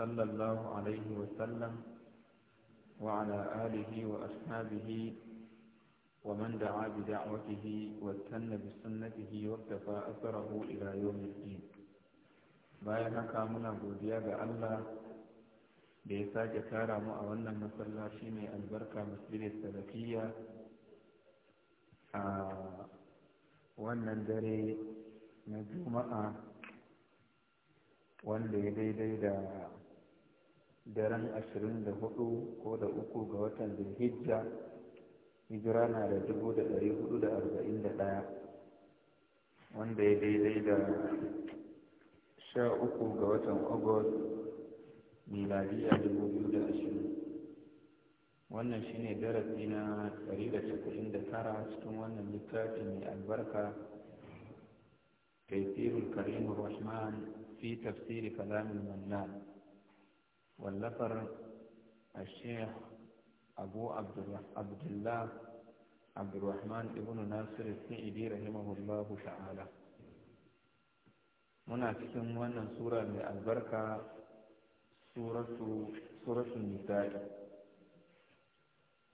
صلى الله عليه وسلم وعلى آله وأصحابه ومن دعا بدعوته واستنى بسنته واكتفى أثره إلى يوم الدين bayan haka muna godiya ga Allah da ya sake tara mu a wannan masallaci mai albarka masjidin salafiya a wannan dare na juma'a wanda ya daidai da daren 24 ko da uku ga watan zulhijja hijira na da 441 wanda ya daidai da 13 ga watan agust miladiya 2020 wannan shine darasi na 199 cikin wannan littafi mai albarka Kai kaifirul karim rahman fi tafsiri kalamin mannan wallafar الشيخ أبو عبد الله عبد الرحمن ابن ناصر السعدي رحمه الله تعالى muna cikin wannan sura mai albarka suratu nisa'i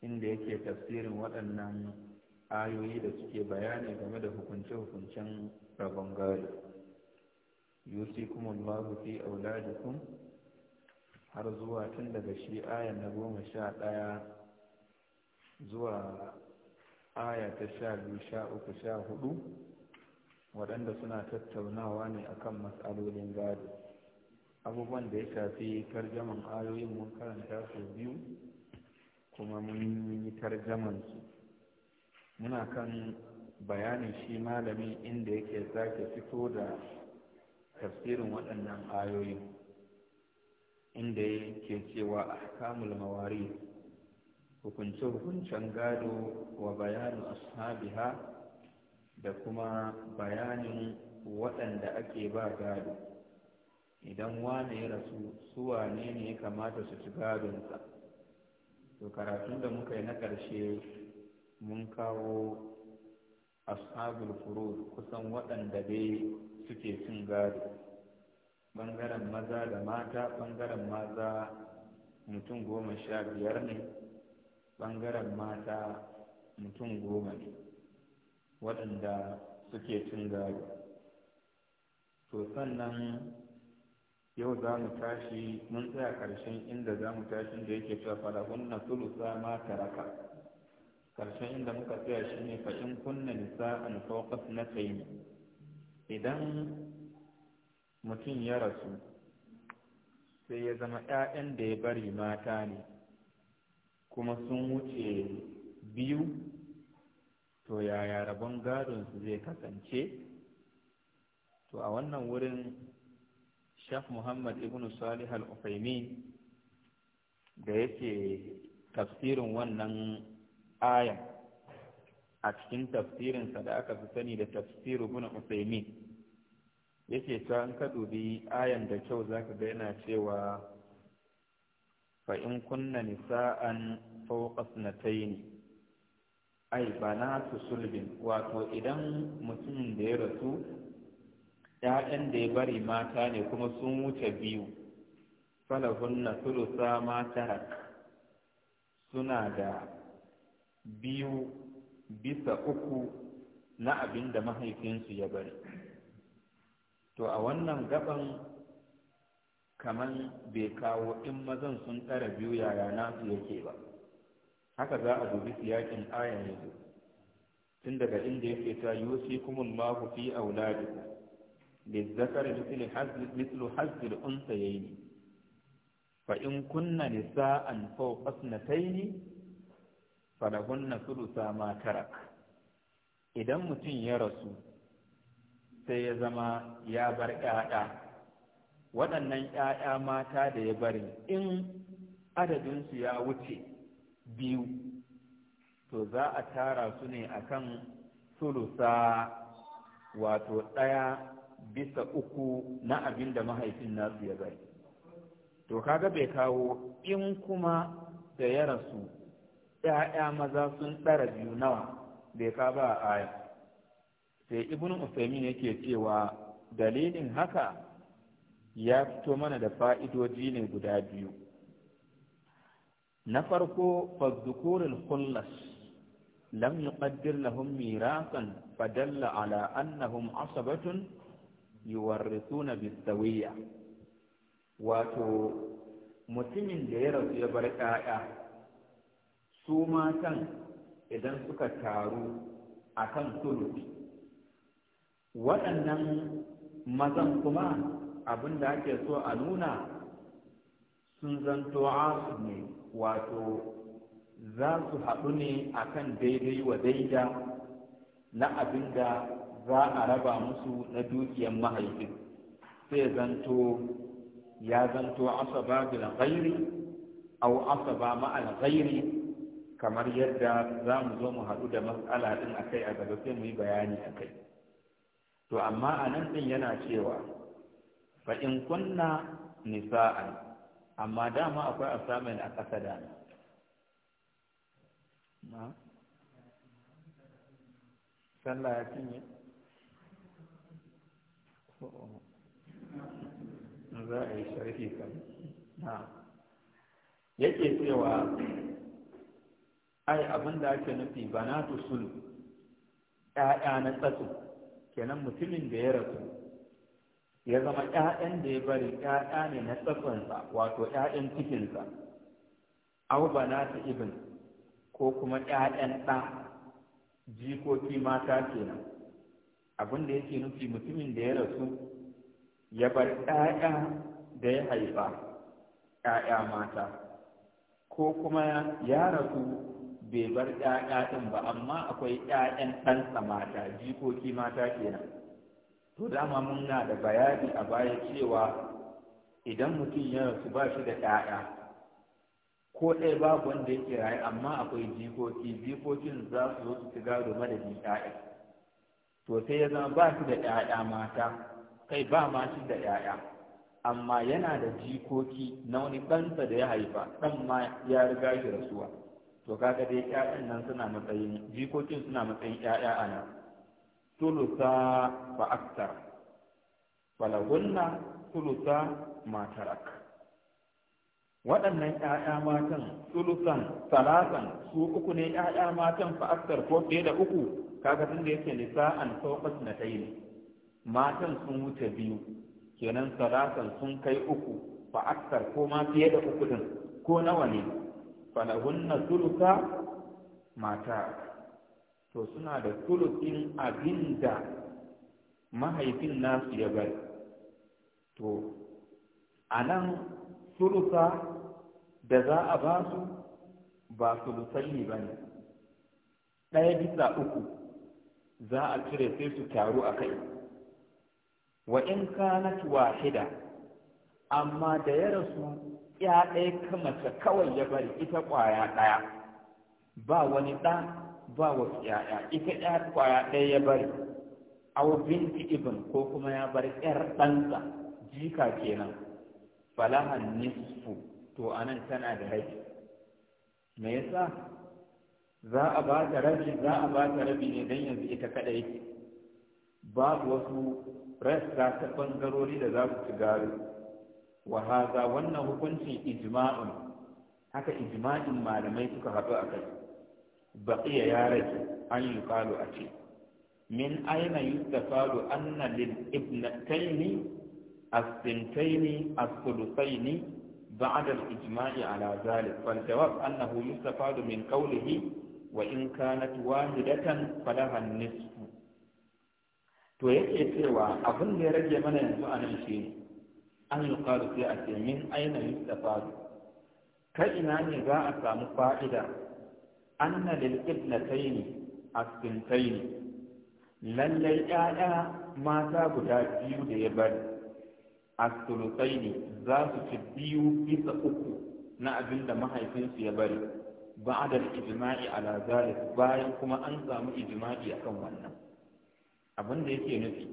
inda yake tafsirin waɗannan ayoyi da suke bayani game da hukunce-hukuncen rabon gado yusikum Allahu fi auladikum har zuwa tun daga shi aya na goma sha ɗaya zuwa aya ta sha biyu sha uku sha hudu waɗanda suna tattaunawa ne akan matsalolin gado abubuwan da ya shafi tarjaman ayoyin mun karanta su biyu kuma mun yi tarjaman su muna kan bayanin shi malami inda yake sake fito da tafsirin waɗannan ayoyin inda yake cewa a kamul mawari hukunce-hukuncen gado wa bayanin ashabiha da kuma bayanin waɗanda ake ba gado idan wane ya rasu su wane ne ya kamata su ci gadonsa to karatun da muka yi na ƙarshe mun kawo ashabul furud kusan waɗanda dai suke cin gado bangaren maza da mata bangaren maza mutum goma sha biyar ne bangaren mata mutum goma ne waɗanda suke cin gado to sannan yau za mu tashi mun tsaya ƙarshen inda za mu tashi da yake cewa falahun na sulusa ma taraka ƙarshen inda muka tsaya shi ne fa'in kunna nisa an fauƙas na idan mutum ya rasu sai ya zama ‘ya'yan da ya bari mata ne kuma sun wuce biyu to yaya rabon gadonsu zai kasance to a wannan wurin Shaf Muhammad ibn Salih al da yake tafsirin wannan aya a cikin tafsirinsa da aka fi sani da tafsiru ibn Ufaimin yake ta an ka dubi ayan da kyau zaka ga yana cewa fa in kunna nisa'an fawqa sanatayn ai ba na su sulbin wato idan mutumin da ya rasu ‘ya'yan da ya bari mata ne kuma sun wuce biyu falahunna sulusa mata suna da biyu bisa uku na abinda mahaifinsu ya bari to a wannan gaban kaman bai kawo in mazan sun tsara biyu yaya nasu yake ba haka za a dubi siyakin ayan yanzu tun daga inda yake ta yusi kumun ku fi auladiku lizzakar mislu hazzil unsa yayi fa in kunna nisa'an fawqa kunna su thulutha ma tarak idan mutum ya rasu sai ya zama ya bar ‘ya'ya waɗannan ‘ya'ya mata da ya bari in adadinsu ya wuce biyu to za a tara su ne a kan sulusa wato ɗaya bisa uku na abin da mahaifin nasu ya bari to kaga bai kawo in kuma da ya rasu ‘ya'ya maza sun ɗara biyu nawa bai ka ba a aya sai ibn usaimin yake cewa dalilin haka ya fito mana da fa'idodi ne guda biyu na farko fadzukurul Kullas, lam yuqaddir lahum mirasan fadalla ala annahum asabatun yuwarrisuna bisawiyya wato mutumin da ya rasu ya bar ƴaƴa su matan idan suka taru a kan sulusi waɗannan mazan kuma abin da ake so a nuna sun zanto asu ne wato za su haɗu ne akan daidai wa daida na abin da za a raba musu na dukiyar mahaifin sai zanto ya zanto asaba bil ghairi aw asaba ma'al ghairi kamar yadda za mu zo mu haɗu da matsala ɗin a kai a gaba sai mu yi bayani a kai. to amma a nan ɗin yana cewa fa in kunna nisa'an amma dama akwai assignment a ƙasa da na sallah ya cinye za a yi sharhi kan na yake cewa ai abin da ake nufi banatu sulu ƴaƴa na tsatsu kenan mutumin da ya rasu ya zama ‘ya'yan da ya bari ‘ya'ya ne na tsakonsa wato ‘ya'yan cikinsa au na ta ibin ko kuma ‘ya'yan ɗa jikoki mata kenan abin da yake nufi mutumin da ya rasu ya bar ‘ya'ya da ya haifa ‘ya'ya mata ko kuma ya rasu bai bar ƴaƴa ɗin ba amma akwai ƴaƴan ɗansa mata jikoki mata kenan to dama muna da bayani a baya cewa idan mutum ya rasu ba shi da ƴaƴa ko ɗaya babu wanda yake raye amma akwai jikoki jikokin za su zo su ci gado madadin ƴaƴa to sai ya zama ba shi da ƴaƴa mata kai ba ma shi da ƴaƴa amma yana da jikoki na wani ɗansa da ya haifa ɗan ma ya riga shi rasuwa to kaga dai ƴaƴan nan suna matsayin jikokin suna matsayin ƴaƴa a nan tulusa fa aktar falahunna tulusa ma waɗannan ƴaƴa matan tulusan salasan su uku ne ƴaƴa matan fa aktar ko fiye da uku kaga tun da yake nisa'an sauƙas na tayi matan sun wuce biyu kenan salasan sun kai uku fa aktar ko ma fiye da uku din ko nawa ne falahunna suluka mata to suna da sulukin abinda mahaifin nasu ya bari to anan suluka da za a ba su ba ba ne ɗaya bisa uku za a cire sai su taru a kai wa in kanat wahida amma da ya rasu ya ɗaya mace kawai ya bari ita ƙwaya ɗaya ba wani ɗa ba wasu ƴaƴa ita ɗaya ƙwaya ɗaya ya bari aw binti ibn ko kuma ya bar ƴar ɗansa jika kenan falahan nisfu to anan tana da rabi me yasa za a ba ta rabi za a ba ta rabi ne dan yanzu ita kadai babu wasu rassa ta bangarori da za su ci gari. wa haza wannan hukuncin ijma'un haka ijma'in malamai suka haɗu a kai baqiya ya rage an kalu a ce min aina yustafalu anna lil ibnataini as-sintaini as-sulusaini ba'da al-ijma'i ala zalik fal jawab annahu yustafadu min qawlihi wa in kanat wahidatan falaha an-nisfu to yake cewa abin da ya rage mana yanzu anan shi ne an yi ƙaru sai a ce min aina faru Ka ina ne za a samu fa'ida An anna lil ibnataini ne lallai 'ya'ya mata guda biyu da ya bari ne za su ci biyu bisa uku na abin da mahaifinsu ya bari ba da ijma'i a zalik bayan kuma an samu ijma'i kan wannan abin da yake nufi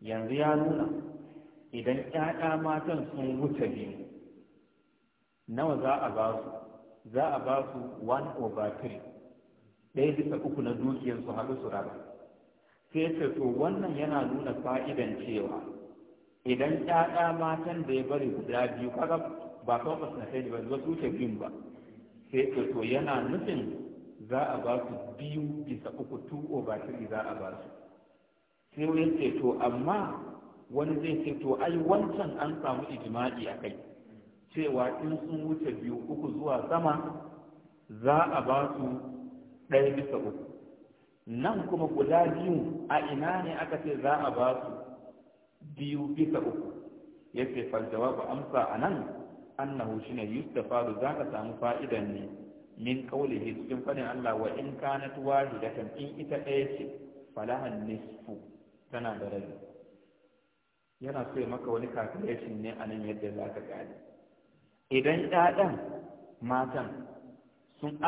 yanzu ya nuna idan ƴaƴa matan sun wuce biyu nawa za a ba su za a ba su one over three ɗaya bisa uku na dukiyar su haɗu su raba sai ce to wannan yana nuna fa'idan cewa idan ƴaƴa matan da ya bari guda biyu kaga ba kawai na sai ba wasu wuce biyun ba sai ce to yana nufin za a ba su biyu bisa uku two over three za a ba su sai wani ce to amma wani zai ce to ai wancan an samu ijma'i a kai cewa in sun wuce biyu uku zuwa sama za a ba su ɗaya bisa uku nan kuma guda biyu a ina ne aka ce za a ba su biyu bisa uku ya ce jawabu amsa a nan annahu shine yustafa za ka samu fa'idan ne min kaulihi cikin fadin Allah wa in kanat wahidatan in ita ɗaya ce falahan nisfu tana da rabi yana so ya maka wani calculation ne a nan yadda za ka gane idan ɗaɗan matan sun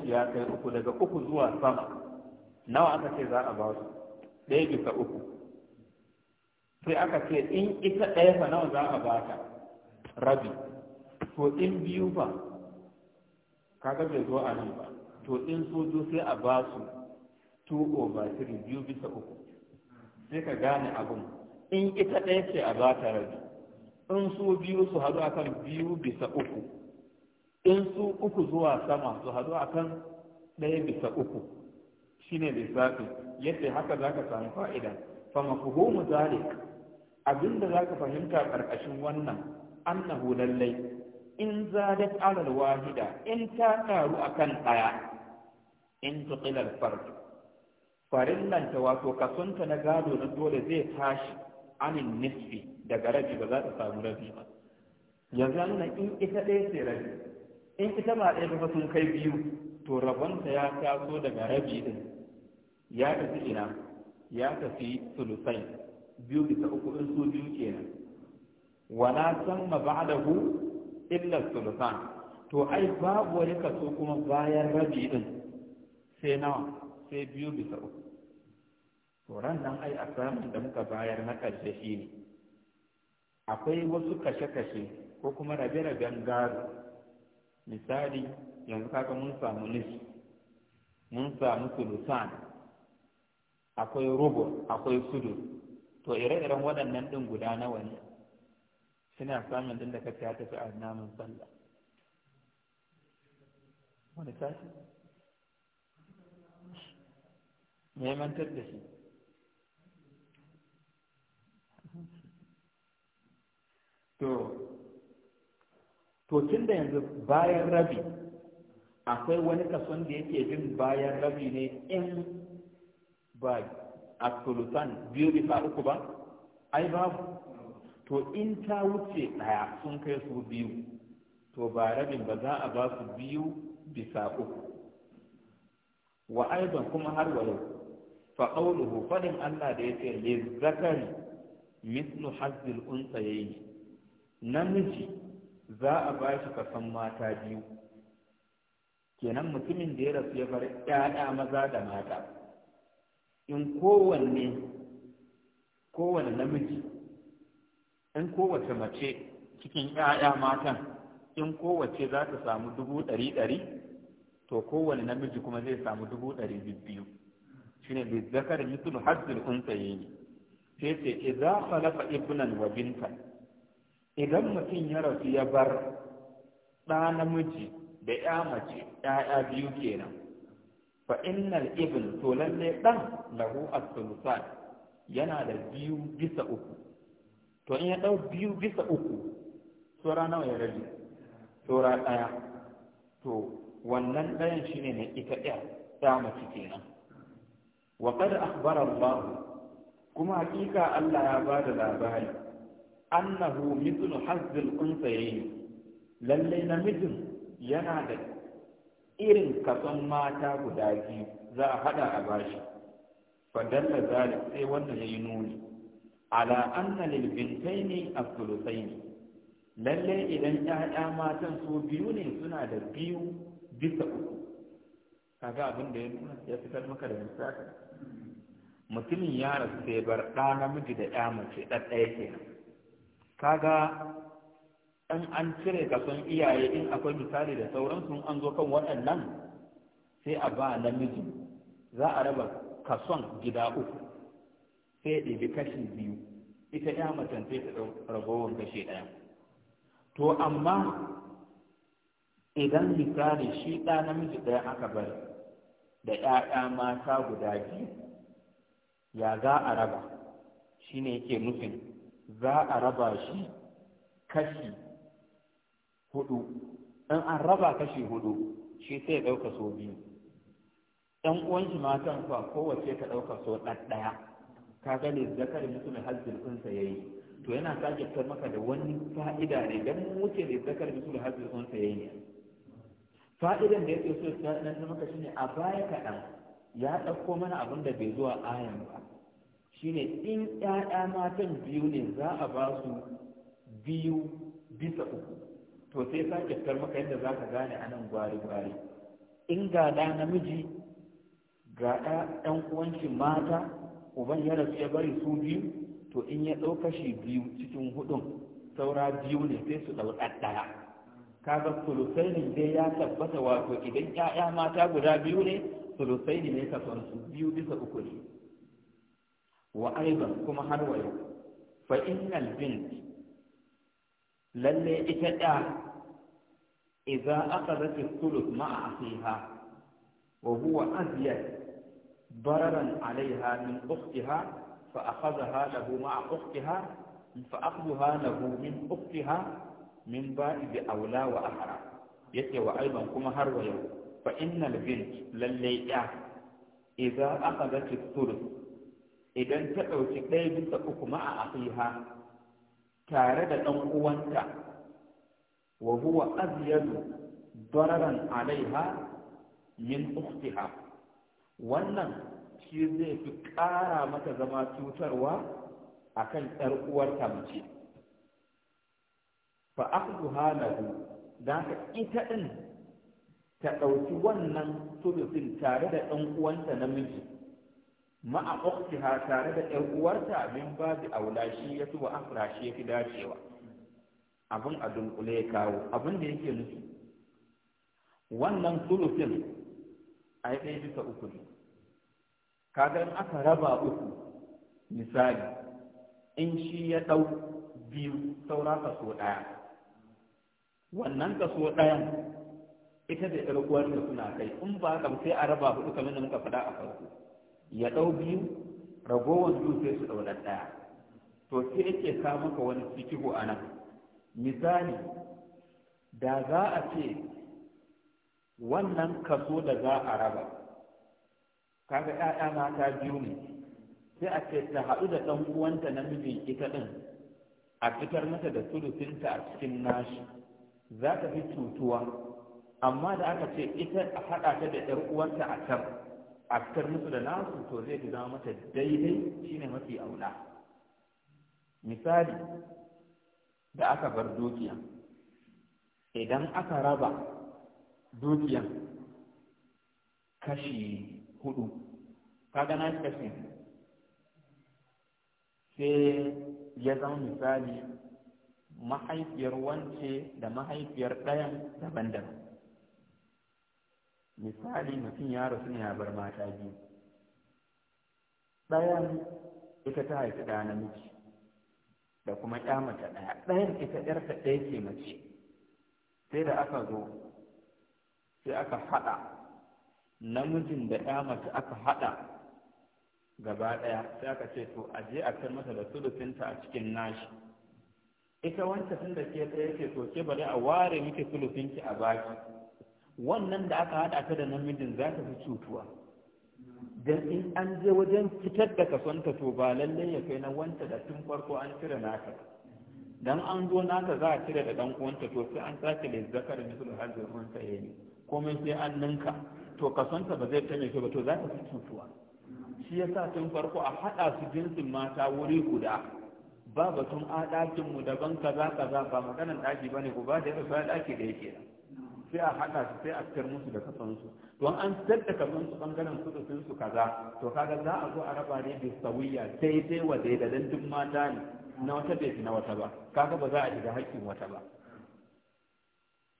su ya kai uku daga uku zuwa sama nawa aka ce za a ba su ɗaya bisa uku sai aka ce in ita ɗaya fa nawa za a ba ta rabi to in biyu ba? kaga bai zo a nan ba to in sojo sai a ba su 2 over 3 biyu bisa uku sai ka gane abin in ita ɗaya ce a za ta rabi in su biyu su haɗu akan biyu bisa uku in su uku zuwa sama su haɗu akan ɗaya bisa uku Shi shine lissafi yadda haka za ka samu fa'ida fa zare abin abinda za ka fahimta ƙarƙashin wannan annahu lallai in zadat alal wahida in ta karu akan ɗaya in tuqilal fard farillanta wato kasonta na gado na dole zai tashi anin nisfi daga rabi ba za ta samu rabi ba yanzu nuna in ita ɗaya ce rabi in ita ba ɗaya ba sun kai biyu to rabonta ya taso daga rabi ɗin ya tafi ina ya tafi sulusai biyu bisa uku in su biyu kenan wala san ma ba'dahu illa sulusan to ai babu wani kaso kuma bayan rabi ɗin sai nawa sai biyu bisa uku ran nan ai asamin da muka bayar na ƙarshe shi ne akwai wasu kashe-kashe ko kuma rabe-raben gado misali yanzu kaka mun samu nish, mun samu sulusan akwai rubo akwai sudu to ire-iren waɗannan ɗin guda na wani suna samun ɗin da ka ta tafi a namun sallah wani tashi neman da shi to tun da yanzu bayan rabi akwai wani kason da yake bin bayan rabi ne in ba a solutan biyu bisa uku ba ai babu to in ta wuce ɗaya sun kai su biyu to ba rabin ba za a ba su biyu bisa uku wa aiban kuma har wa yau fa qawluhu fadin Allah da yake le zakari mithlu hazzil unsayayn namiji za a ba shi kasan mata biyu kenan mutumin da ya rasu ya bar ‘ya'ya maza da mata in kowanne kowane namiji in kowace mace cikin ‘ya'ya matan in kowace za ta samu dubu ɗari ɗari to kowane namiji kuma zai samu dubu ɗari biyu shi ne bai zakar mitul hajjul unsaye ne sai ce idza khalaqa ibnan wa bintan idan mutum ya rasu ya bar ɗa namiji da ya mace ‘ya'ya biyu kenan fa innal ibn to lalle ɗan lahu as-sulusan yana da biyu bisa uku to in ya ɗau biyu bisa uku tura nawa ya rage saura ɗaya to wannan ɗayan shine na ita ɗaya ta mace kenan wa qad akhbara Allah kuma hakika Allah ya ba da labari annahu mithlu hazzil unsayayn lalle namijin yana da irin kasan mata guda biyu za a hada a bashi fadalla zalik sai wannan yayi nuni ala anna lil bintaini as lalle idan 'ya'ya matan su biyu ne suna da biyu bisa uku kaga abin da ya nuna ya fitar maka da misali mutumin ya rasu sai bar ɗa namiji da ƴa mace ɗaɗɗaya kenan kaga in an cire ka son iyaye in akwai misali da sauransu an zo kan waɗannan sai a ba namiji za a raba kason gida uku sai ɗabi kashi biyu ita ya macen sai ta ragowar kashi ɗaya to amma idan misali shi ɗa namiji ɗaya aka bari da ‘ya'ya mata guda biyu ya za a raba shi ne yake nufin za a raba shi kashi hudu in an raba kashi hudu shi sai ya ɗauka so biyu ɗan ma matan fa kowace ta ɗauka so ɗaya. ka gane zakarin mutumin hajjin ɗinsa ya yi to yana sake maka da wani fa'ida ne don wuce ne zakar mutumin da hajji ya yi fa'idan da yake so ta nan maka shine a baya kaɗan ya ɗauko mana abin da bai zuwa ayan ba shine in ƴaƴa matan biyu ne za a ba su biyu bisa uku to sai sake maka yadda za ka gane a nan gwari-gwari in ga namiji ga ɗan uwancin mata uban ya rasu ya bari su biyu to in ya ɗauka shi biyu cikin hudun saura biyu ne sai su ɗauka ɗaya kaga sulusaini dai ya tabbata wato idan ƴaƴa mata guda biyu ne sulusaini ne su biyu bisa uku ne وأيضا كما هنوي فإن البنت للي إتدى إذا أخذت الثلث مع أخيها وهو أزيد ضررا عليها من أختها فأخذها له مع أختها فأخذها له من أختها من باب أولى وأحرى يتي وأيضا كما هروي فإن البنت للي إذا أخذت الثلث idan ta ɗauki ɗaya bisa uku ma'a afiha tare da ɗan uwanta wa huwa azyadu dararan alaiha min ukhtiha wannan shi zai fi ƙara mata zama cutarwa a akan ƴar uwarta mace fa akhdhuha lahu ka ita ɗin ta ɗauki wannan sulusin tare da ɗan uwanta namiji ma'a uktiha tare da ƴan uwarta min babi aula shi ya yafi wa afra shi fi dacewa abin a dunkule ya kawo abin da yake nufi wannan sulufin a yi ɗaya bisa uku ne kaga in aka raba uku misali in shi ya ɗau biyu saura kaso ɗaya wannan kaso ɗayan ita da ƴar uwarta suna kai in ba kam sai a raba hudu kamar da muka faɗa a farko ya ɗau biyu ragowar biyu sai su ɗau ɗaya to sai yake ka maka wani sikihu a nan misali da za a ce wannan kaso da za a raba kaga yaya mata biyu ne sai a ce ta haɗu da ɗan uwanta namijin ita ɗin a fitar mata da sulusinta a cikin nashi za ta fi cutuwa amma da aka ce ita a haɗa ta da yar uwanta a can a musu da nasu to zai fi zama mata daidai shine mafi aula misali da aka bar dukiya idan aka raba dukiya kashi hudu kaga na kashi sai ya zama misali mahaifiyar wance da mahaifiyar ɗayan daban-daban misali mutum ya rasu ne ya bar mata biyu ɗayan ita ta haifi ɗa namiji da kuma ƴa mata ɗaya ɗayan ita ƴarta ɗaya ke mace sai da aka zo sai aka haɗa namijin da ƴa mace aka haɗa gaba ɗaya sai aka ce to a je a kai masa da sulusinta a cikin nashi ita wancan tun da ke ɗaya ce to ke bari a ware miki sulusinki a baki wannan da aka haɗa ta da namijin za ta fi cutuwa don in an je wajen fitar da kasonta to ba lallai ya kai na wanta da tun farko an cire naka dan an zo naka za a cire da dan uwanta to sai an sake da zakar misal hazin unsa yayi komai sai an ninka to kasonta ba zai ke ba to za ta fi cutuwa shi yasa tun farko a haɗa su jinsin mata wuri guda ba batun a ɗakin mu daban kaza kaza ba maganar ɗaki bane ku ba da sai ɗaki da yake da. sai a haɗa su sai a fitar musu da kasansu don an fitar da kasansu ɓangaren kudusin su kaza to kaga za a zo a raba ne bi sauya daidai wa daidadan duk mata ne na wata bai na wata ba kaga ba za a shiga haƙƙin wata ba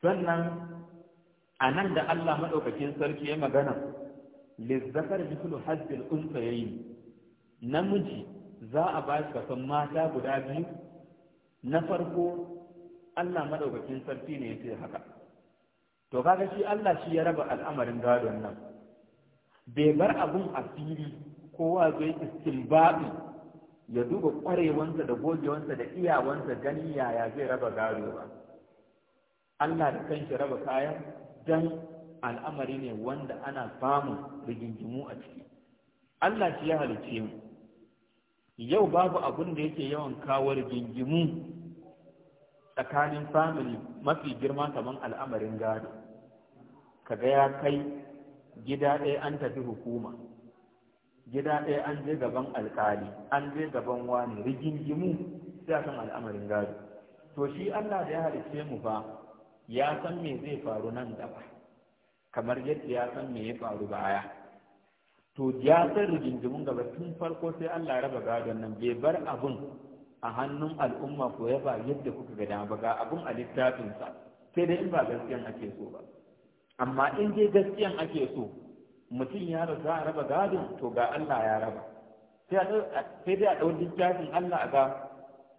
sannan a nan da Allah maɗaukakin sarki ya magana lizzakar jikulu hasbil unsa yayi namiji za a ba shi kasan mata guda biyu na farko Allah maɗaukakin sarki ne ya ce haka to kaga shi Allah shi ya raba al'amarin gadon nan bai bar abun a fili kowa zai istimbabi ya duba kwarewansa da gogewansa da iyawansa gani yaya zai raba gado ba Allah da kanshi raba kayan dan al'amari ne wanda ana samun rigingimu a ciki Allah shi ya halicce mu yau babu abun da yake yawan kawo rigingimu tsakanin family mafi girma kaman al'amarin gado kaga ya kai gida ɗaya an tafi hukuma gida ɗaya an je gaban alkali an je gaban wani rigingimu sai kan al'amarin gado to shi Allah da ya halicce mu fa ya san me zai faru nan gaba kamar yadda ya san me ya faru baya to ya san rigingimun gaba tun farko sai Allah raba gadon nan bai bar abun a hannun al'umma ko ya ba yadda kuka ga dama ba ga abun a littafinsa sai dai in ba gaskiyan ake so ba amma in dai gaskiyan ake so mutum ya rasa a raba gadon to ga Allah ya raba sai dai a ɗau littafin Allah a ga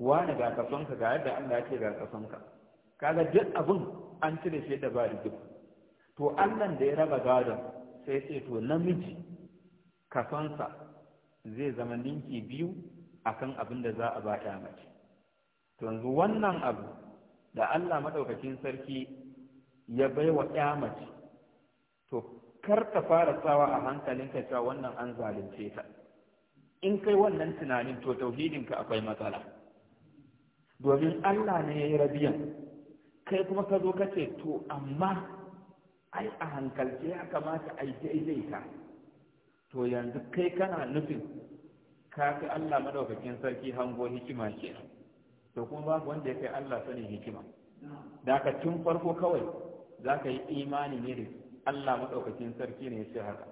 wani ga kafanka ga yadda Allah ya ce ga kafanka kaga duk abun an cire shi da ba duk. to Allah da ya raba gadon sai sai to namiji kafansa zai zama ninki biyu akan abin da za a ba ta mace to yanzu wannan abu da Allah madaukakin sarki ya bai wa ya mace to kar ka fara tsawa a hankalinka cewa wannan an zalunce ta in kai wannan tunanin to ka akwai matsala domin Allah ne ya yi rabiyan kai kuma ka zo ka to amma ai a hankalce ya kamata a yi daidaita to yanzu kai kana nufin ka fi Allah madaukakin sarki hango hikima ke, to kuma babu wanda ya kai Allah sani hikima da ka tun farko kawai za ka yi imani ne da Allah madaukakin sarki ne ya ce haka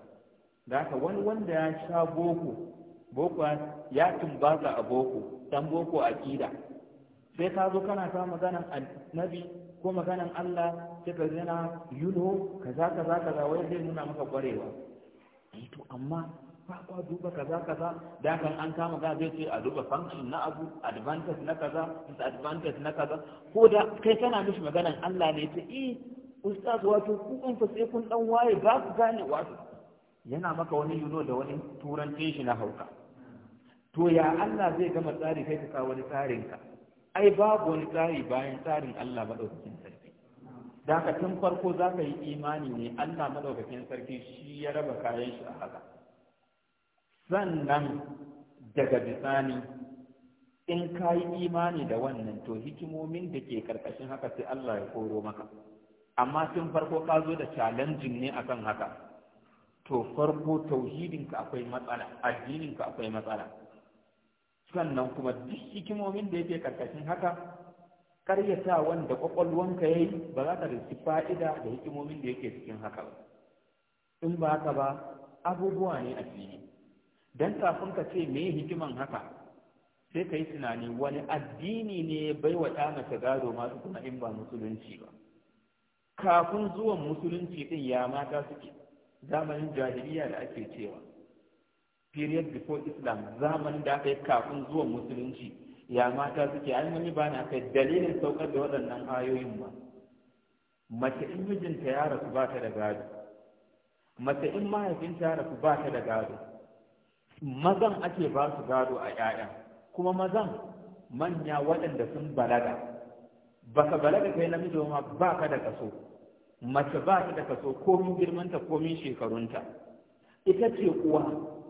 da ka wani wanda ya sha boko boko ya tumbata a boko dan boko akida sai ka zo kana ta maganan annabi ko maganan Allah sai ka zina yuno kaza kaza kaza wai zai nuna maka kwarewa eh to amma ka kwa duba kaza kaza da kan an kama ga zai ce a duba function na abu advantage na kaza disadvantage na kaza ko da kai kana mishi magana Allah ne ta eh ustaz wato ku kun fa sai kun dan waye ba ku gane wato yana maka wani yuno da wani turancin shi na hauka to ya Allah zai gama tsari kai ka wani tsarin ka ai babu wani tsari bayan tsarin Allah madaukakin sarki da ka tun farko za ka yi imani ne allah madaukakin sarki shi ya raba kayan shi a haka sannan daga bisani in ka yi imani da wannan to hikimomin da ke karkashin haka sai Allah ya koro maka amma tun farko ka zo da challenge ne akan haka to farko tauhidinka akwai matsala addininka akwai matsala sannan kuma duk hikimomin da yake karkashin haka karyata wanda kwakwalwanka ya yi ba za ka rinci fa'ida da hikimomin da yake cikin haka ba in ba haka ba abubuwa ne a fili dan kafin ka ce me hikiman haka sai ka yi tunani wani addini ne bai wa ɗana ta gado ma kuma in ba musulunci ba kafin zuwan musulunci din ya mata suke zamanin jahiliya da ake cewa period before islam zamanin da aka yi kafin zuwan musulunci ya mata suke an wani ba na kai dalilin saukar da waɗannan ayoyin ba mace in mijinta ya rasu ba ta da gado mace in mahaifinta ya rasu ba ta da gado mazan ake ba su gado a ƴaƴan kuma mazan manya waɗanda sun balaga ba ka balaga kai namiji ma ba ka da kaso mace ba ta da kaso komin girmanta komin shekarunta ita ce uwa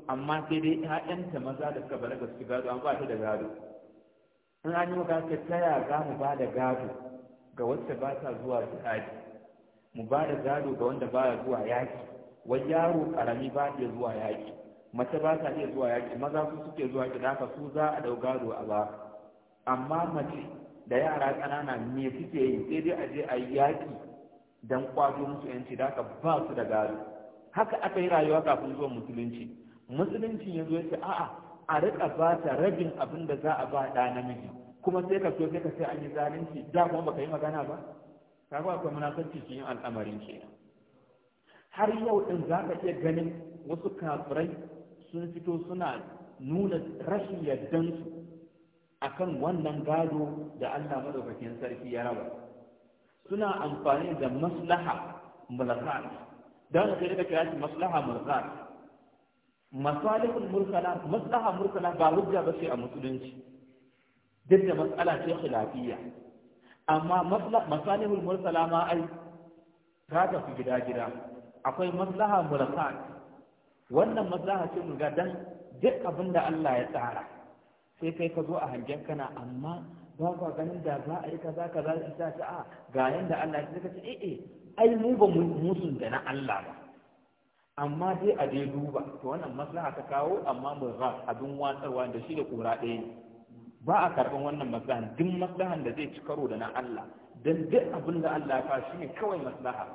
amma sai dai 'ya'yanta maza da suka balaga su gado an ba ta da gado in an yi maka ta taya za mu ba da gado ga wacce ba ta zuwa jihadi mu ba da gado ga wanda ba ya zuwa yaki wai yaro ƙarami ba ya zuwa yaki mace ba ta iya zuwa yaƙi maza su suke zuwa yaƙi da haka su za a dau gado a ba amma mace da yara ƙanana me suke yi sai dai a je a yi yaƙi don kwado musu yanci da haka ba su da gado haka aka yi rayuwa kafin zuwa musulunci musulunci ya zo ya ce a'a a riƙa ba ta rabin abin da za a ba ɗa namiji kuma sai ka so sai ka sai an yi zalunci da kuma baka yi magana ba ka ga akwai munafanci cikin al'amarin kenan har yau din za ka iya ganin wasu kafirai sun fito suna nuna rashin yardansu akan wannan gado da Allah madaukakin sarki ya raba suna amfani da maslaha mulkat da wanda sai daga kira shi maslaha mulkat masalihul mulkala maslaha mulkala ba hujja ba sai a musulunci duk da matsala ce khilafiyya amma masalihul mulkala ma ai ta tafi gida gida akwai maslaha mulkat wannan maslaha ce ga dan duk abin da Allah ya tsara sai kai ka zo a hangen kana amma ba ka ganin da za a yi kaza kaza da ta ta a ga yanda Allah ya ce eh eh ai mu ba mu musun da na Allah ba amma dai a dai duba to wannan maslaha ta kawo amma mu ga abin watsarwa da shi da kura ɗaya ba a karɓan wannan maslaha, duk maslahan da zai ci karo da na Allah dan duk abin da Allah ya fa shi ne kawai maslaha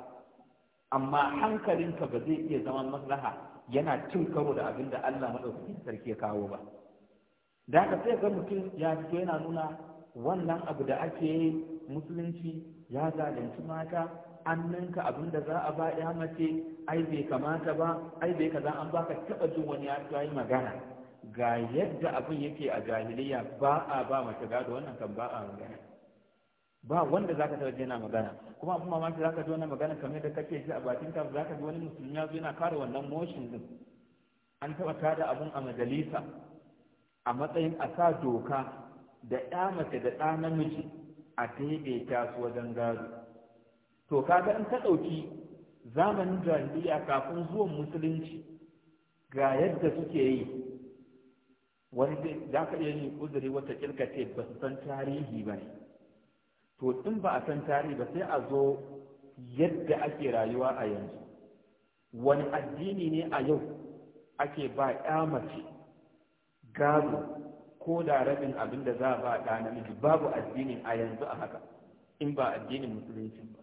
amma hankalinka ba zai iya zama maslaha yana cin karo da abin da Allah maɗaukakin sarki ya kawo ba da haka sai ga mutum ya fito yana nuna wannan abu da ake musulunci ya zalunci mata an ninka abin da za a ba ya mace ai bai kamata ba ai bai kaza an baka taba jin wani ya yi magana ga yadda abin yake a jahiliya ba a ba mace gado wannan kan ba a magana ba wanda zaka taɓa yana magana kuma abin mamaki zaka ji wannan magana kamar da kake ji a bakin ka zaka ji wani musulmi ya zo yana kare wannan motion din an taɓa tada abun a majalisa a matsayin a sa doka da ya mace da ɗa namiji a ta su wajen gado to kaga in ka ɗauki zamanin jahiliya kafin zuwan musulunci ga yadda suke yi wani za ka iya yin uzuri wata kirkace ba su san tarihi ba ne to in ba a san tarihi ba sai a zo yadda ake rayuwa a yanzu wani addini ne a yau ake ba ya mace gado ko da rabin abin da za a ba da namiji babu addinin a yanzu a haka in ba addinin musulunci ba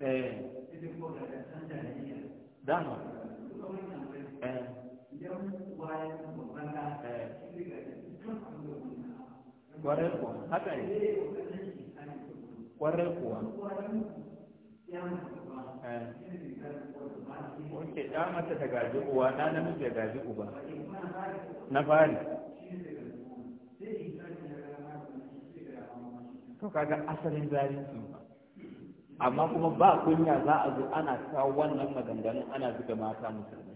Eh. eh. kwarar kuwa haka ne kwarar kuwa Wace eh. ɗa mata ta gaji uwa ɗa namiji ya gaji uba na fari to kaga asalin zalunci ba amma kuma ba kunya za a zo ana kawo wannan maganganun ana zuga mata musulmi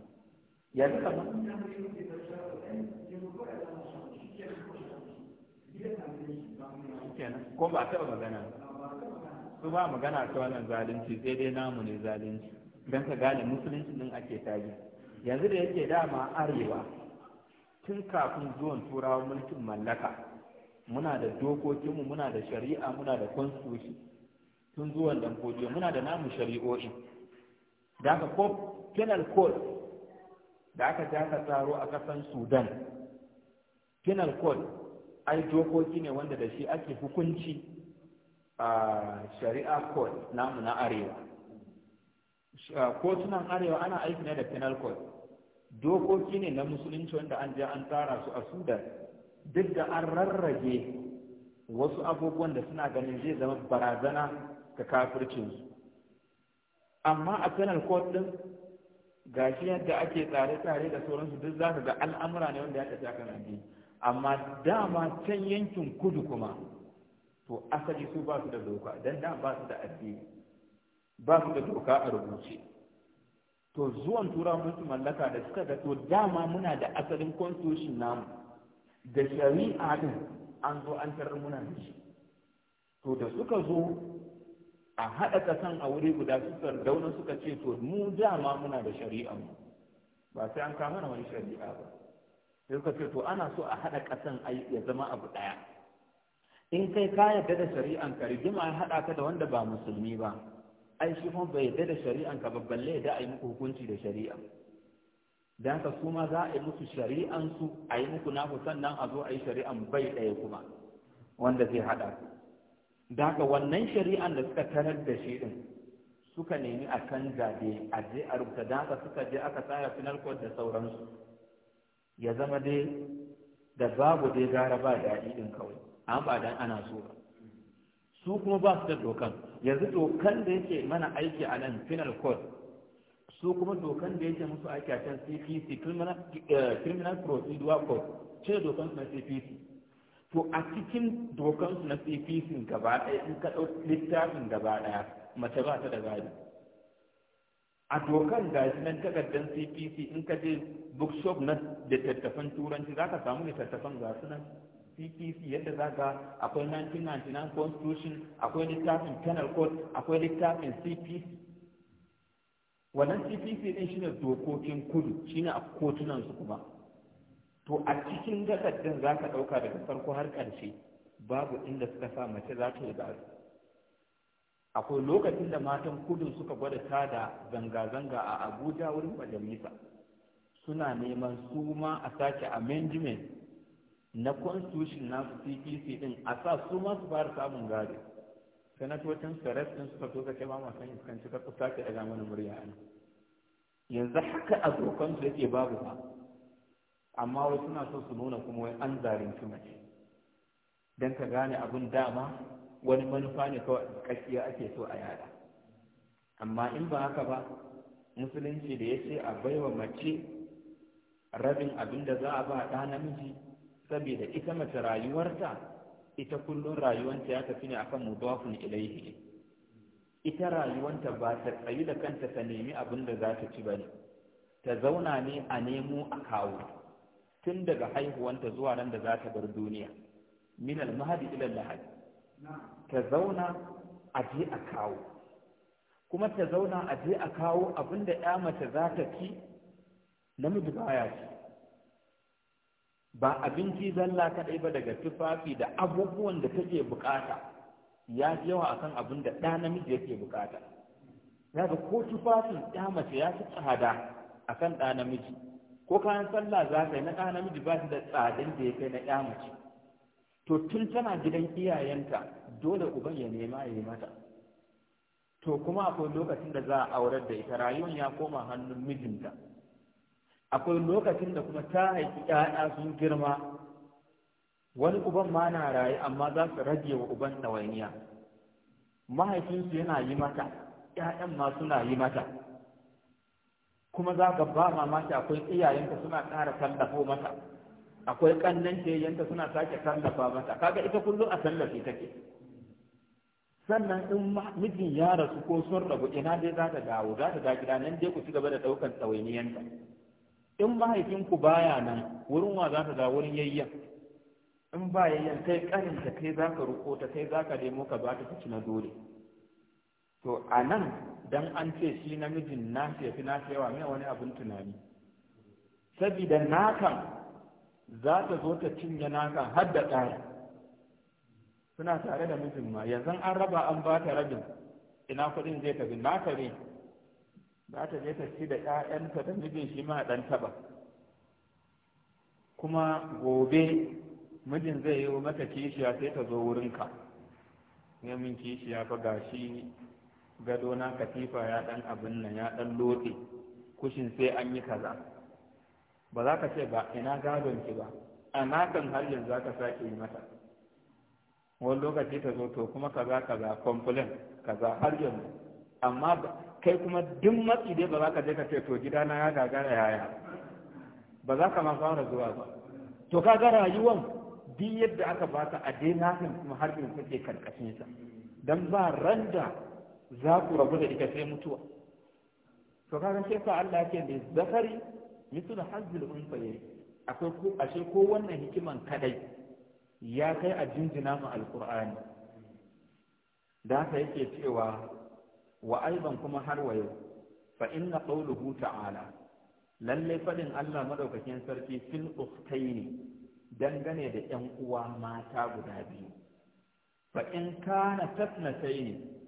ya duka ba ko ba taɓa magana su ba magana ta wannan zalunci sai dai namu ne zalunci don ka gane musulunci din ake tagi yanzu da yake dama arewa tun kafin zuwan turawa mulkin mallaka muna da dokokinmu muna da shari'a muna da constitution tun zuwan dan muna da namu shari'o'i da ka ko penal code da aka ta ka tsaro a ƙasan sudan penal code ai dokoki ne wanda da shi ake hukunci a shari'a code namu na arewa kotunan arewa ana aiki ne da penal code dokoki ne na musulunci wanda an je an tsara su a sudan duk da an rarrage wasu abubuwan da suna ganin zai zama barazana ga kafircinsu amma a penal code din gashi yadda ake tsare-tsare da sauransu duk za ka ga al'amura ne wanda ya tafi akan addini amma dama can yankin kudu kuma to asali su ba su da doka dan da ba su da addini ba su da doka a rubuce to zuwan tura musu mallaka da suka ga to dama muna da asalin constitution namu da shari'a din an zo an tarar muna da shi to da suka zo a haɗa ƙasan a wuri guda suka dauna suka ce to mu dama muna da shari'a mu ba sai an kama wani shari'a ba sai suka ce to ana so a haɗa ƙasan ya zama abu ɗaya in kai ka yadda da shari'an ka rigima ya haɗa ka da wanda ba musulmi ba ai shi kuma bai yadda da shari'an ka ba balle a yi muku hukunci da shari'a dan ka su za a yi musu shari'an su a yi muku naku sannan a zo a yi shari'an bai ɗaya kuma wanda zai haɗa ku daga wannan shari'an da suka tarar da shi din suka nemi a canza dai a je a rubuta da suka je aka tsara final code da sauransu ya zama dai da babu dai gara ba daɗi din kawai an ba dan ana so ba su kuma ba su da dokan yanzu dokan da yake mana aiki a nan final code su kuma dokan da yake musu aiki a can cpc eh, criminal procedure code ce dokan na cpc to a cikin dokansu na tsifisin gaba ɗaya in ka ɗau littafin gaba ɗaya mace ba ta da gari a dokan shi nan takardar cpc in ka je bookshop na littattafan turanci za ka samu littattafan ga su nan cpc yadda za ka akwai 1999 constitution akwai littafin penal code akwai littafin cpc wannan cpc din ne dokokin kudu shi ne a kotunan su kuma to a cikin gasar din za ka ɗauka daga farko har ƙarshe babu inda suka sa mace za ta yi ba. akwai lokacin da matan kudu suka gwada tada zanga-zanga a abuja wurin majalisa suna neman su ma a sake amendment na constitution su cpc din a sa su ma su fara samun gari sanatocin saras din suka so ka kema ma masan iskanci ka su sake daga mana murya yanzu haka a zokansu yake babu ba amma wai suna so su nuna kuma wai an zalunci mace don ka gane abin dama wani manufa ne kawai gaskiya ake so a yada amma in ba haka ba musulunci da ya ce a baiwa mace rabin abin da za a ba ɗa namiji saboda ita mace rayuwarta ita kullum rayuwanta ya tafi ne akan mudafun ilaihi ita rayuwanta ba ta tsayu da kanta ta nemi abin da za ta ci ba ne ta zauna ne a nemo a kawo tun daga haihuwanta zuwa nan da za ta bar duniya min mahadi ila lahadi ta zauna a je a kawo kuma ta zauna a je a kawo abinda ya mace za ta ci namiji baya ci ba abinci zalla kaɗai ba daga tufafi da abubuwan da take bukata ya fi yawa akan abin da ɗa namiji yake bukata ya ga ko tufafin 'ya mace ya fi tsada akan ɗa namiji ko kayan sallah za ka yi na ɗa namiji ba shi da tsadin da ya kai na ɗa mace to tun tana gidan iyayenta dole uban ya nema ya yi mata to kuma akwai lokacin da za a aurar da ita rayuwar ya koma hannun mijinta akwai lokacin da kuma ta haifi ƴaƴa sun girma wani uban ma na raye amma za su rage wa uban ɗawainiya mahaifinsu yana yi mata ƴaƴan ma suna yi mata kuma za ka ba mamaki akwai iyayenta suna ƙara tallafo mata akwai ƙannan yayanta suna sake tallafa mata kaga ita kullum a tallafi take sannan in mijin ya rasu ko sun rabu ina dai za ta dawo za ta da gida nan dai ku ci gaba da ɗaukar tsawainiyanta in mahaifinku baya nan wurin wa za ta dawo wurin yayyan in ba yayyan kai ƙaninta kai za ka ruko ta kai za ka nemo ka ba ta ci na dole to a nan don an ce shi namijin na fi na cewa mai wani abin tunani sabida nakan za ta zo ta cinye nakan har da ɗaya suna tare da mijin ma yanzu an raba an ba ta rabin ina kuɗin zai tafi naka ne za ta je ta ci da ƴaƴanta da mijin shi ma ɗan taɓa kuma gobe mijin zai yi mata kishiya sai ta zo wurinka nemin kishiya fa gashi gado na katifa ya ɗan abin nan ya ɗan lote. kushin sai an yi kaza ba za ka ce ba ina gadon ki ba amma kan har yanzu za ka sake yi mata wani lokaci ta zo to kuma kaza kaza complain kaza har yanzu amma kai kuma duk matsi dai ba za ka je ka ce to gidana ya gagara yaya ba za ka ma fara zuwa ba to ka ga rayuwan duk yadda aka baka a dai nafin kuma har yanzu kake karkashin sa dan ba randa za ku rabu da ita sai mutuwa to kaga sai fa Allah yake ne zakari mitul hazil unfaye akwai ko ashe ko wannan hikiman kadai ya kai a jinjina mu alqur'ani da haka yake cewa wa aiban kuma har wa yau fa inna qawluhu ta'ala lalle fadin Allah madaukakin sarki fil ukhtaini dangane da 'yan uwa mata guda biyu fa in kana tasnataini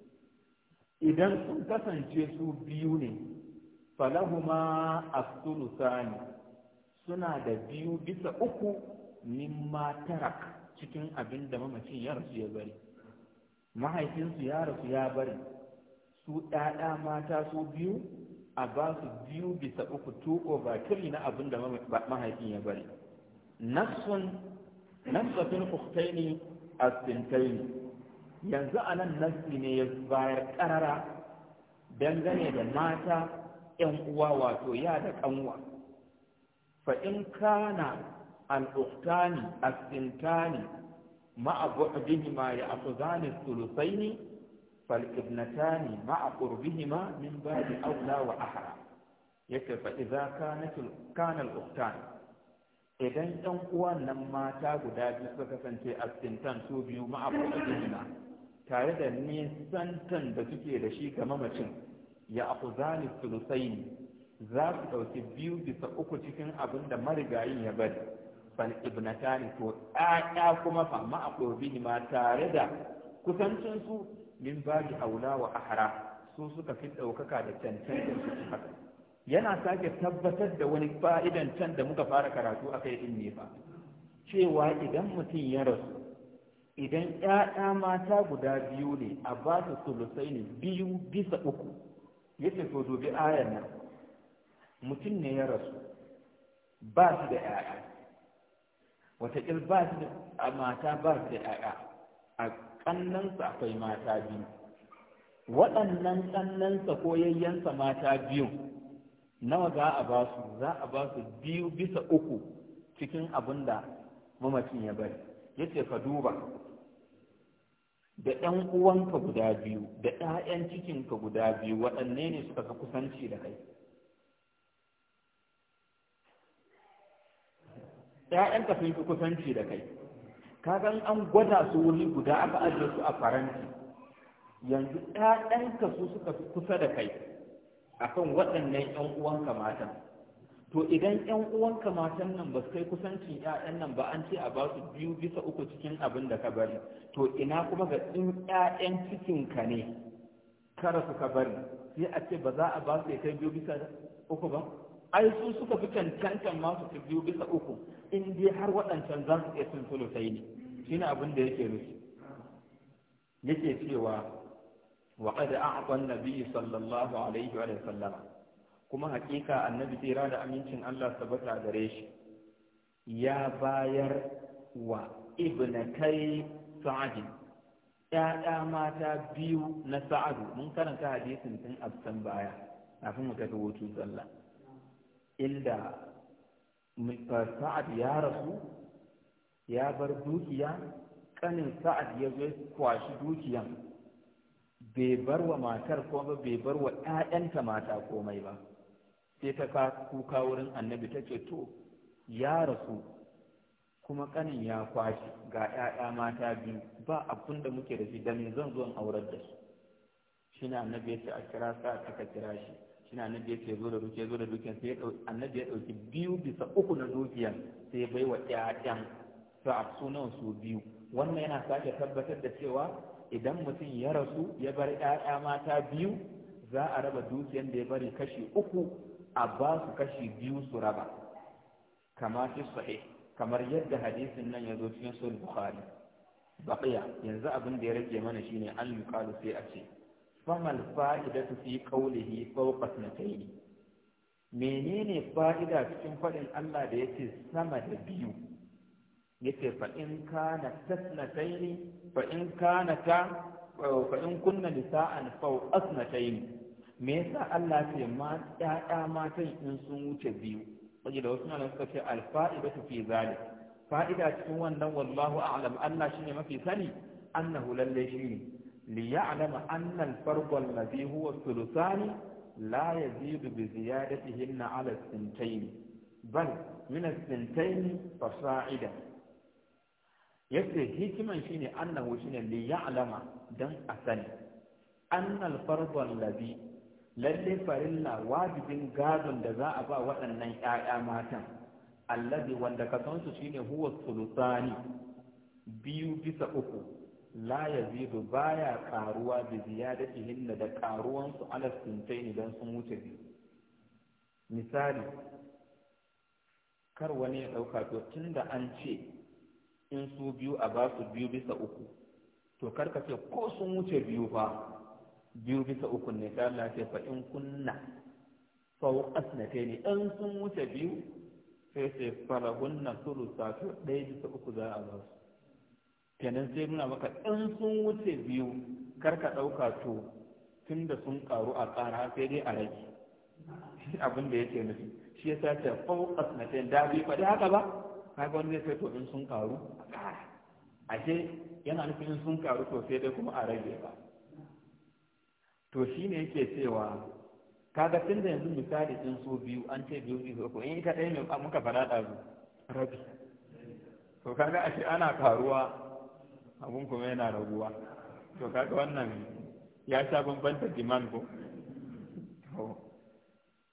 idan sun kasance su biyu ne falahuma as Sani suna da biyu bisa uku mimma tarak cikin abin da mamacin ya rasu ya bari mahaifinsu ya rasu ya bari su ɗaɗa mata su biyu a ba su biyu bisa uku tuko ba kiri na abin da mahaifin ya bari nafsun nafsafin uktaini as yanzu a nan nasi ne ya bayar ƙarara dangane da mata ‘yan uwa wato ya da ƙanwa fa in kana al'uktani asintani ma ya asuzani sulusaini fal'ibnatani ma min da aula wa hara. yake faɗi, za ka kana al idan 'yan uwan nan mata guda biyu suka kasance astintan su biyu ma'aqurubihima tare da nisantan da suke da shi ga mamacin ya zani sulusai za su ɗauki biyu bisa uku cikin abin da marigayin ya bari bal ibnatani ko ɗaya kuma fa ma'aqobi ma tare da kusancinsu su min baji aula wa ahra su suka fi ɗaukaka da cancantar su haka yana sake tabbatar da wani fa'idan can da muka fara karatu a kai ɗin ne fa cewa idan mutum ya rasu idan ‘ya'ya mata guda biyu ne a ba su sulusai ne biyu bisa uku yace so dubi ayan nan mutum ne ya rasu ba su da ‘ya'ya wataƙil ba su da mata ba su da ‘ya'ya a ƙannansa akwai mata biyu waɗannan ƙannansa ko yayyansa mata biyu nawa za a ba su za a ba su biyu bisa uku cikin abin da mamacin ya bari ya ce ka duba da ɗan uwanka guda biyu da ɗayan cikinka guda biyu waɗanne ne suka ka kusanci da kai Ka sun fi kusanci da kai kagan an gwada su wuri guda aka ajiye su a faranti yanzu ‘ya'yanka su suka fi kusa da kai akan waɗannan ‘yan uwanka matan to idan yan uwanka matan nan ba su kai kusancin 'ya'yan nan ba an ce a basu biyu bisa uku cikin abin da ka bari to ina kuma ga in 'ya'yan cikin ka ne kara su ka bari sai a ce ba za a ba su kai biyu bisa uku ba ai su suka fi cancantan ma su biyu bisa uku in dai har waɗancan za su iya sun sulusai ne shi ne abin da yake nufi yake cewa wa qad a'ta an-nabi sallallahu alaihi wa sallama kuma hakika annabi tsira da amincin Allah sabata gare shi ya bayar wa ibnatai sa'adi ƴaƴa mata biyu na sa'adu mun karanta hadisin tun absan baya kafin mu tafi hutun sallah inda sa'ad ya rasu ya bar dukiya kanin sa'ad ya zo kwashi dukiyan bai bar wa matar ko bai bar wa 'ya'yanta mata komai ba sai ta ka kuka wurin annabi ta ce to ya rasu kuma kanin ya kwashi ga 'ya'ya mata biyu ba abin da muke da shi da me zan zo aurar da su shi na annabi ya ce a kira sa aka kira shi shi na annabi ya ce zo da dukiya zo da duke sai annabi ya ɗauki biyu bisa uku na dukiya sai ya bai wa ƴaƴan a su nawa su biyu wannan yana sake tabbatar da cewa idan mutum ya rasu ya bar 'ya'ya mata biyu za a raba dukiyar da ya bari kashi uku a ba su kashi biyu su raba kama fi sahih kamar yadda hadisin nan ya zo cikin sahih bukhari baqiya yanzu abin da ya rage mana shine an yuqalu sai a ce famal fa'idatu fi qawlihi fawqa thnatayn menene fa'ida cikin fadin Allah da yake sama da biyu yace fa in kana tasnatayn fa in kana ta fa in kunna nisa'an fawqa thnatayn me yasa Allah ce ma ƴaƴa matan in sun wuce biyu saboda wasu malamai suka ce alfa'idatu fi zalik fa'ida cikin wannan wallahu a'lam Allah shine mafi sani annahu lalle shine li ya'lama anna al farqa alladhi huwa thulthani la yazidu bi ziyadatihinna 'ala al-thintayn bal min al sintayn fasa'ida yace hikiman shine annahu shine li ya'lama dan asani anna al-farq alladhi lalle farilla wajibin gadon da za a ba waɗannan 'ya'ya matan allazi wanda ka san su shine huwa sulusani biyu bisa uku la yazidu baya karuwa bi ziyadatihin da karuwan su ala sintain idan sun wuce biyu misali kar wani ya ɗauka to tunda an ce in su biyu a ba su biyu bisa uku to kar ka ce ko sun wuce biyu ba biyu bisa uku ne sai Allah ce fa in kunna fawqa ne in sun wuce biyu sai sai falahunna sulu sato ɗaya bisa uku za a ba su kenan sai muna maka in sun wuce biyu kar ka ɗauka to tun da sun ƙaru a ƙara sai dai a rage abin da yake nufi shi yasa ta fawqa sunatain da bai faɗi haka ba kai wani zai sai to in sun ƙaru a ƙara ashe yana nufin in sun ƙaru to sai dai kuma a rage ba to shi ne yake cewa kaga tun da yanzu misali ɗin so biyu an ce biyu biyu ko in ita ɗaya mai muka fara ɗazu rabi to kaga ashe ana karuwa abun kuma yana raguwa to kaga wannan ya sha bambanta diman ko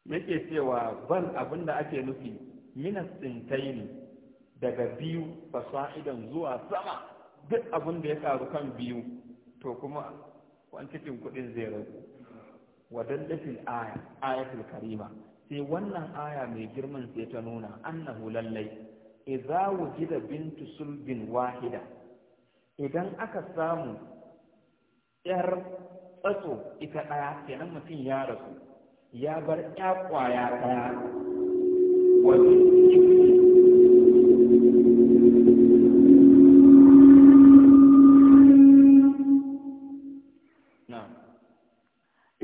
yake cewa bal abin da ake nufi minas tsintaini daga biyu fasa'idan zuwa sama duk abin da ya karu kan biyu to kuma kwancicin kuɗin zai ragu wa dallatil aya ayatul karima sai wannan aya mai girman sai ta nuna annahu lallai idza wujida bintu sulbin wahida idan aka samu yar tsatso ita ɗaya kenan mutum ya rasu ya bar ya kwaya ɗaya wato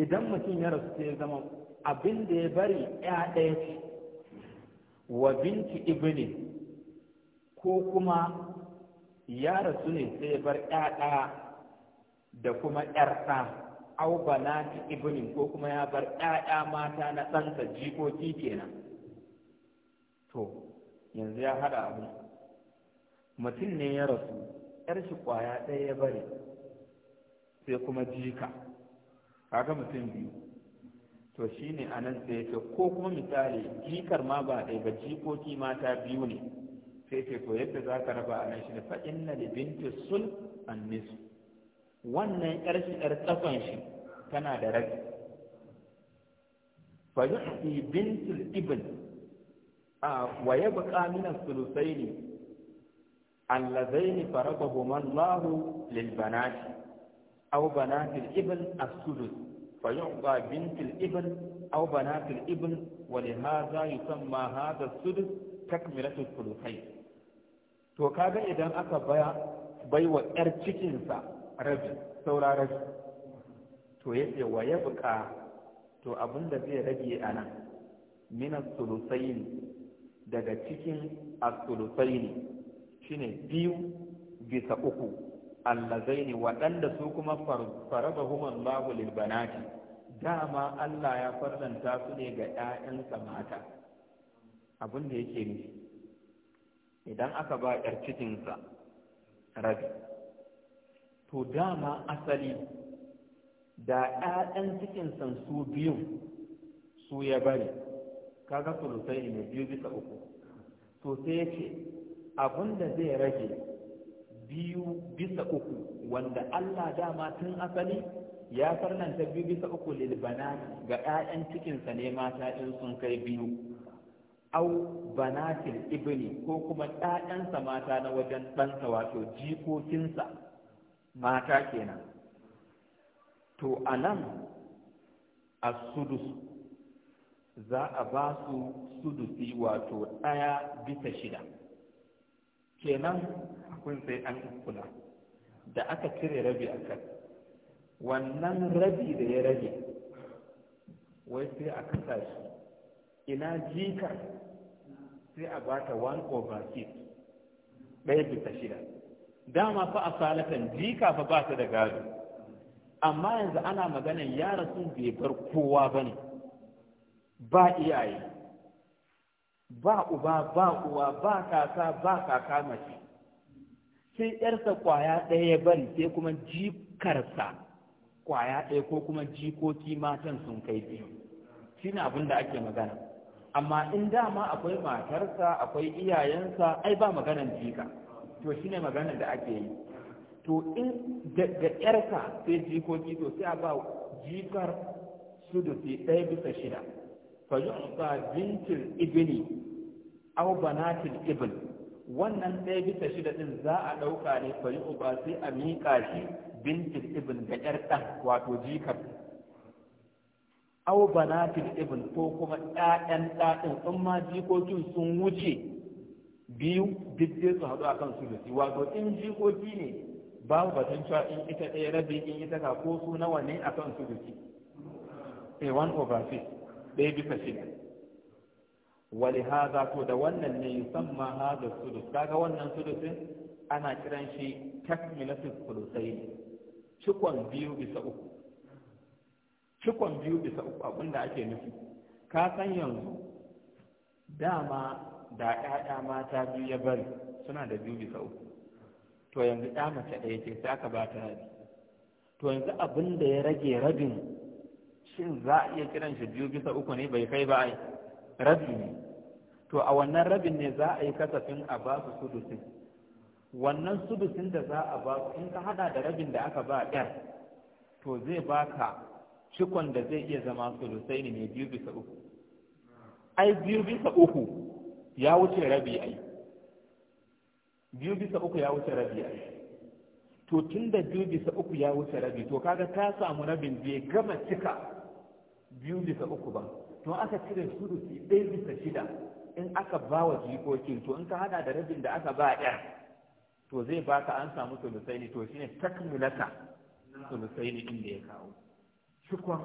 idan mutum ya rasu sai zama abin da ya bari ya ɗaya ce wa binti ibini ko kuma ya rasu ne sai ya bar ya ɗaya da kuma ƴar ɗa au banati ibini ko kuma ya bar ɗaya mata na ɗansa jikoki kenan to yanzu ya haɗa abu mutum ne ya rasu ƴar shi ƙwaya ɗaya ya bari sai kuma jika kaga mutum biyu to shi a anan sai ce ko kuma misali jikar ma ba ɗaya ba jikoki mata biyu ne sai ce to yadda za ka raba nan shi ne fa inna li binti sul an nisu wannan yar shi yar tsakon shi tana da rabi fa yu'ti bintul ibn a wa yabqa min as-sulusaini allazaini faradahu man lahu lil banati aw banatil ibn as-sudus fa yu'ta bintil ibn aw banatil ibn wa li hadha yusamma hadha as-sudus takmilatu kai. to ga idan aka baya baiwa yar cikin sa rabi saura to yace wa yabqa to abinda zai rage a min mina thuluthayn daga cikin as-thuluthayn shine biyu bisa uku allazaini waɗanda su kuma farabahum Allahu lil banati dama Allah ya farlanta su ne ga 'ya'yansa mata abin da yake nufi idan aka ba ƴar cikinsa rabi to dama asali da ƴaƴan cikinsa su biyu su ya bari kaga sulusai ne biyu bisa uku to sai ya ce abin da zai rage biyu bisa uku wanda Allah dama tun asali ya farnanta biyu bisa uku lilbana ga 'ya'yan cikinsa ne mata in sun kai biyu au banatil ibni ko kuma 'ya'yansa mata na wajen ɗansa wato jikokinsa mata kenan to a nan a za a ba su sudusi wato ɗaya bisa shida kenan kun sai an kula da aka cire rabi a kan wannan rabi da ya rage wai sai a kasa shi ina jikar sai a bata one over six ɗaya bisa shida dama fa a salatan jika fa ba su da gado amma yanzu ana magana yara sun bai bar kowa ba ne ba iyaye ba uba ba uwa ba kaka ba kaka mace sai ‘yarsa kwaya ɗaya ya bari sai kuma jikarsa kwaya ɗaya ko kuma jikoki matan sun kai biyu shi ne abin da ake magana amma in dama akwai matarsa akwai iyayensa ai ba maganan jika to shi ne maganan da ake yi to in ga ‘yarsa sai jikoki to sai a ba jikar su da sai ɗaya bisa shida fa yi bintil ibini au banatin ibini wannan ɗaya bisa shida ɗin za a ɗauka ne fari uba sai a miƙa shi bintin ibin ga ƴar ɗan wato jikar au banatin ibin ko kuma ƴaƴan ɗaɗin in ma jikokin sun wuce biyu duk su haɗu a kan su shi, wato in jikoki ne babu batun cewa in ita ɗaya rabi in ita ka ko su nawa ne a kan su shi? a eh, one over six ɗaya bisa shida wali haza to da wannan ne yusamma hada sudus kaga wannan sudusin ana kiran shi takmilatul sudusai cikon biyu bisa uku cikon biyu bisa uku abinda ake nufi ka san yanzu dama da ƴaƴa mata biyu ya bari suna da biyu bisa uku to yanzu ɗa mace ɗaya ce sai aka ba ta rabi to yanzu abinda ya rage rabin shin za a iya kiran shi biyu bisa uku ne bai kai ba ai rabi ne to a wannan rabin ne za a yi kasafin a ba su sudusin wannan sudusin da za a ba su in ka hada da rabin da aka ba ɗar to zai baka cikon da zai iya zama sudusai ne biyu bisa uku ai biyu bisa uku ya wuce rabi ai biyu bisa uku ya wuce rabi ai to tun da biyu bisa uku ya wuce rabi to kaga ta samu rabin bai gama cika biyu bisa uku ba to aka cire sudusi ɗaya bisa shida in aka ba wa jikokin to in ka hada da rabin da aka ba yar to zai baka an samu sulusaini to shine takmilata sulusaini din da ya kawo cikon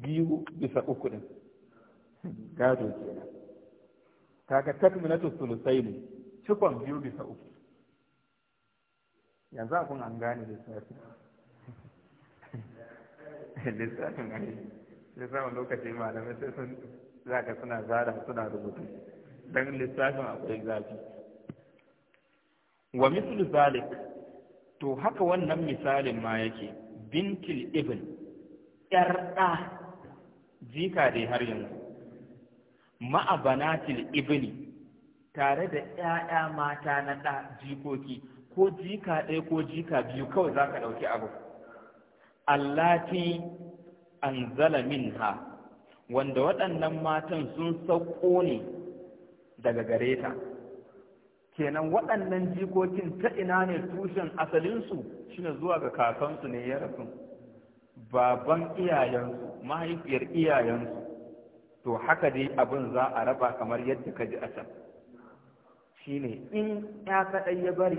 biyu bisa uku din gado kenan kaga takmilatu sulusaini cikon biyu bisa uku yanzu abun an gane da lissafi lissafin lissafin lokacin malamai sai sun za ka suna zara suna rubutu don lissafin akwai zafi wa mislu zalik to haka wannan misalin ma yake bintil ibn yar 'da. jika dai har yanzu ma'abanatil ibni tare da ‘ya'ya mata na ɗa jikoki ko jika ɗaya ko jika biyu kawai za ka ɗauki abu allati an zala ha. wanda waɗannan matan sun sauko ne daga gare ta kenan waɗannan jikokin ta ina ne tushen asalinsu shine zuwa ga kakansu ne ya rasu baban iyayensu mahaifiyar iyayensu to haka dai abin za a raba kamar yadda ka ji a can shine in ya kaɗai ya bari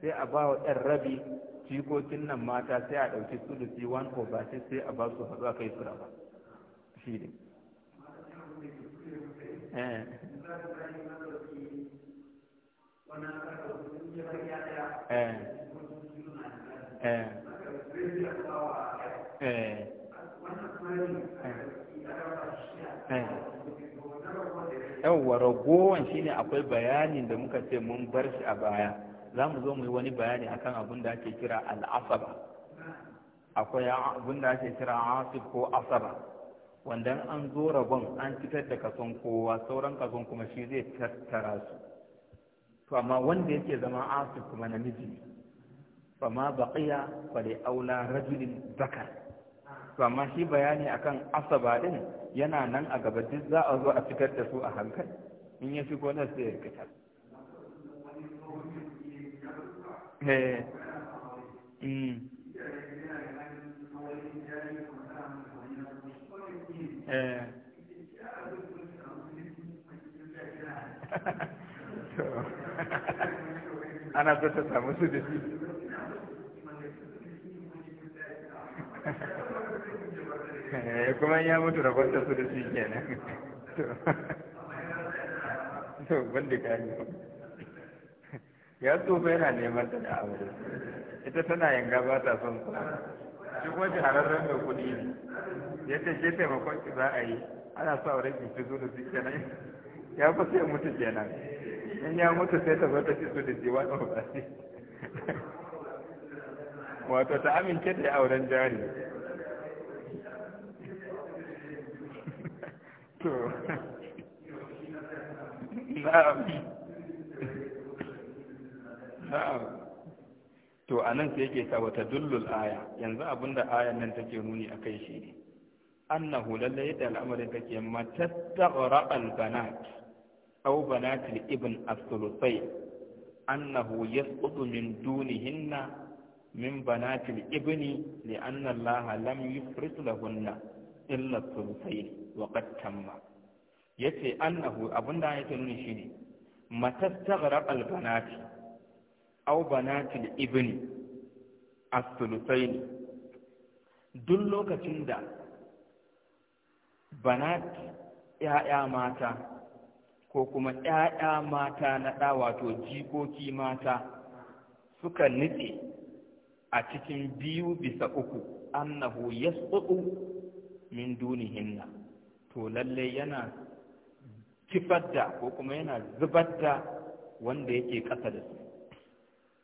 sai a ba wa ‘yan rabi jikokin nan mata sai a ɗauki su da c over sai a ba su hatsa kai su raba shi eh. eh. eh. yawwa ragowan shine akwai bayanin da muka ce mun bar shi a baya za mu zo mu yi wani bayani akan abin da ake kira al'asaba akwai abin da ake kira asib ko asaba wanda an zo rabon an fitar da kason kowa sauran kason kuma shi zai tattara su to amma wanda yake zama asu kuma namiji ne fa ma baqiya fa li aula rajulin zakar to amma shi bayani akan asaba din yana nan a gaba duk za a zo a fitar da su a hankali in ya fi nan sai ya fita eh hmm. Eh. ana so ta samu su da shi eh, kuma ya mutu rabonta su da shi kenan to wanda ka yi ya tsofa yana neman ta da aure ita tana yanga ba ta son sa shi kuma shahararren mai kuɗi ne yadda shi taimakon ki za a yi ana sa wurin ki zo da su kenan ya fa sai mutu kenan in ya mutu sai ta zo ta ci su da ji wani ba wato ta amince da auren jari to na'am na'am to a nan sai yake sa wata dullul aya yanzu abinda ayan nan take nuni a kai shi ne annahu lallai yadda al'amarin take matattaqra al-banat aw banat al-ibn as sulusai annahu yasqutu min dunihinna min banat al-ibn li'anna Allah lam yufrid lahunna illa as-sulusay wa qad tamma yace annahu abinda yake nuni shine matattaqra al-banat au banatil ibni as duk lokacin da banat ‘ya'ya mata ko kuma ‘ya'ya mata na ɗa wato jikoki mata suka nutse a cikin biyu bisa uku annahu yasqutu min dunihinna to lallai yana kifar ko kuma yana zubar da wanda yake ƙasa da su